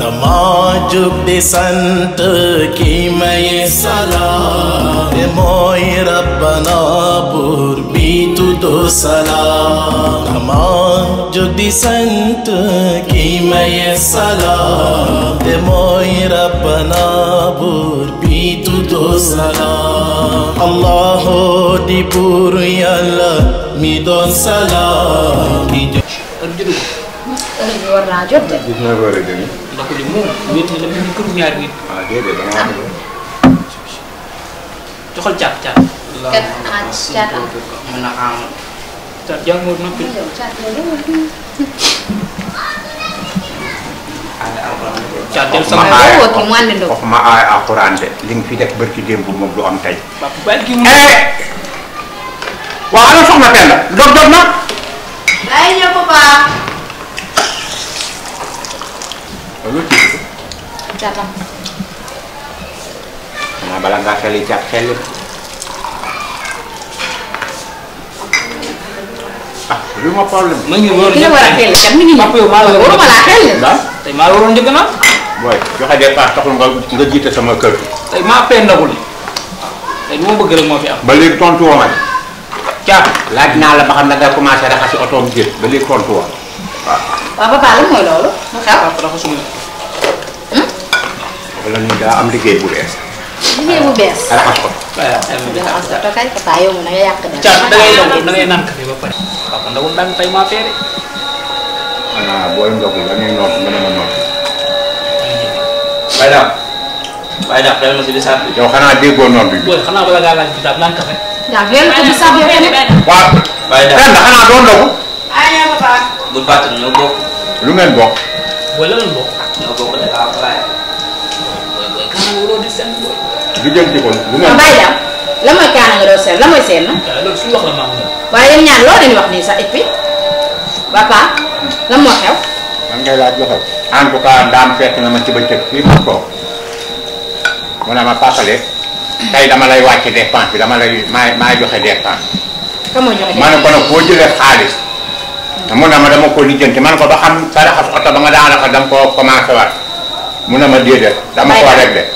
dama jug di sant ki may salaam rabbana buur bi tuddu salaam dama jug buur bi tuddu mi doon salaam heure bi war naa jot de. dix neuf heures et demi. li mu wéet na la mu kër ñaari nit. ah déedéet da nga wax joxal caat caat. kat ah caat am mën na aay alxuraan de li nga fi def barki démb moom du am tey. waaw ana soxna benn dog dog na. catam xanaa bala ngaa xel yi caat xel ah lu ma problème. ma ngi wóor la a xel kat mi ngi ñëw. maa la waroon a xel la. tey maa la waroon njëkk na. booy joxe départ taxul nga nga jiite sama kër. tey maa pendagul tey lu ma bëgg rek moo fi am. ba léegi tontu woo laaj naa la ba xam na nga commencé raxasi otoom jël ba léegi tontu woo. waaw. waaw papa lan mooy loolu. mu xew. papa raxasuma wala ñun daa am liggéey bu bees. liggéey bu bees. raxas ko. waaw raxas ko kay papa yow na nga yàq dara. caa da ngay da ngay naan café ba pare. papa ndawul ndànk tey maa feere. xanaa booy ndogu da ngay noot nga ne ma noot. waaye daal waaye daal xëy na si bisaab bi. yow xanaa déggoo noot bi. booy xanaa bala ngaa laaj bisaab naan café. waaw yéen ko bisaab yow tamit. waaw. waaye daal ren xanaa doo ndogu. aywa papa. bu fàttali ñoo bokk. lu ngeen bokk. booy la ngeen bokk. ñoo bokk du jël ci kon. bu ma bàyyi daal la mooy kaana nga doon seet la mooy seet na. waaye yéen ñaar loo leen wax nii sax et puis papa lan moo xew. man ngay laaj joxe en tout cas ndaam fekk na ma ci bëccëg fii ma toog mu ne ma papalee tey dama lay wàcce dépense bi dama lay maay joxe dépense. ka ma joxe a ne ko boo jëlee xaalis. mu ne ma dama ko lijjanti man ko ba xam sa raxas oto ba nga daan raxas dama ko commencé waat mu ne ma déedéet dama ko réglé.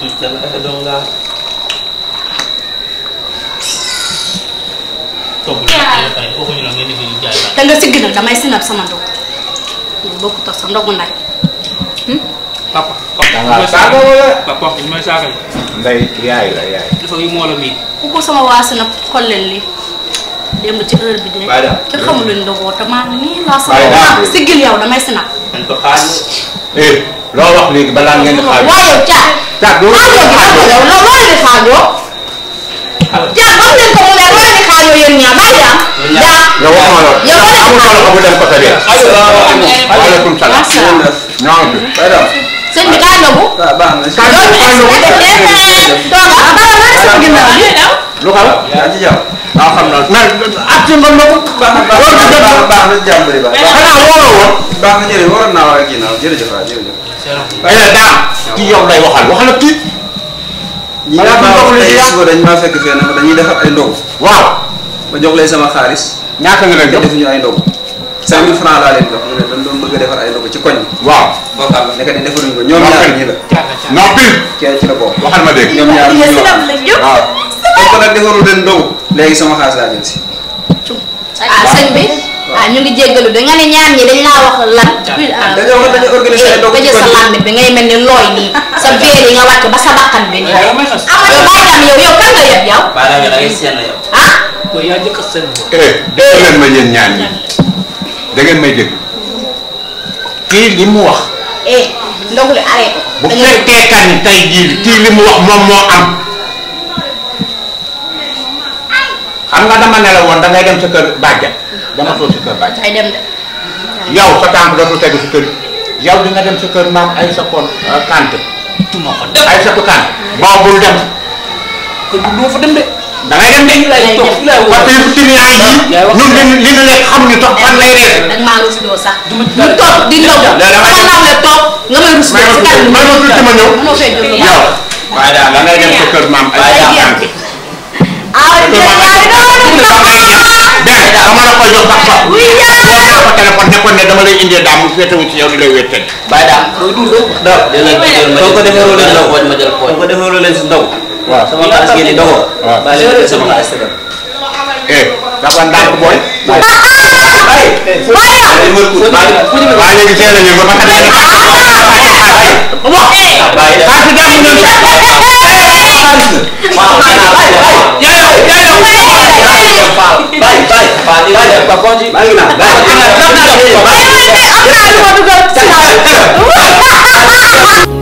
Tutela hedonga. toggul waxuñu la nga liggéey jaay baax. da nga sigg nag damay sinab sama ndog. ñun bokkut ak sa ndogu nday. papa papa saaga wala papa wax may saaga nday yaay la yaay. dafa yu moo la miin. ku ko sama waasi nag xolleel li dem ci heure bi de. ki xamul luñ ndogoo te maa nii laa sama. siggil yow damay sinab. nañ ko xaar. loo wax léegi balaa ngeen di xaajoo waaw yow Thiat. Thiat boo xaajoo gi lan la yow loo leen di xaajoo. Thiat wax leen ko mu leer loo leen di xaajoo yéen ñaar maa ngi am. yow wax ma loolu. yow wax amul solo amul dem côté bi. waaleykum salaam. ñoo ngi fi. sëñ bi kaay nagu. waaw baax na. kaay nagu kaay nagu lu xaw yaa ci jàmm. waaw xam naa. mais ak ci mën na ko. baax na baax na baax na jàmm bëri baax. woon. baax na jërëjëf waroon naa war a ginnaaw jërëjëf waay jërëjëf. ay la daa kii yow lay waxal waxal ak kii. ñi nga ma wax dañ maa fekk defar ay ndogu. waaw. ma jox leen sama xaalis. ñaata nga leen jox defuñu ay ndogu. 5000 francs laa leen doon bëgg defar ay ndogu ci koñ waaw. boo xam ne nekkati defaruñ ko ñoom la. noppi. kenn ci la bokk. waxal ma dégg ñoom ñaar ñii la waaw. kon nag defaru leen ndogu. léegi sama si. Ah, ah ñu ngi jéggalu de nga ne ñaan ñi dañ laa wax lan. dañoo wax ko jël sa làmb bi ngay mel ni looy nii sa biir yi nga wàcc ba sa bakkan bi nii. yow ah, yow yow kan nga yëpp yow. maanaam yow da ah? eh, ma yéen ñaan ñi da may dégg kii li mu wax. eh ndogu li kan tey jii kii li mu wax moom moo am. xam nga dama ne la woon da ngay dem sa kër bàjjan. dama toog sa kër baay. ay dem de. yow sa tànk dootul tegu si kër yow di nga dem sa kër maam ay sa kon euh, kante. duma ko dem ay sa dem. kër gi doo dem de. da ngay dem de. ñu lay toog li ñu li ñu lekk xamuñu fan lay reer. maa ngi rusloo sax. du ma ñu toog di ndaw. sama naaw la nga may rusloo si ma ma ma ma ma ñëw. yow. waaye dem sa kër maam baax oui yaa ko téléphone nekkoon ne dama lay indee daam mu féetewu ci yow di lay wéetal. bàyyi daam koy dund. donc soo ko defaroo leen ndaw ma jël pooj ko defaroo leen si ndaw. waaw sama xaalis ngeen di dogoo. waaw bàyyi leen sama xaalis dëgg. eh dafa ndànk booy. waaw léegi sa konji maa ngi naan. maa ngi naan am naa lu ma dugal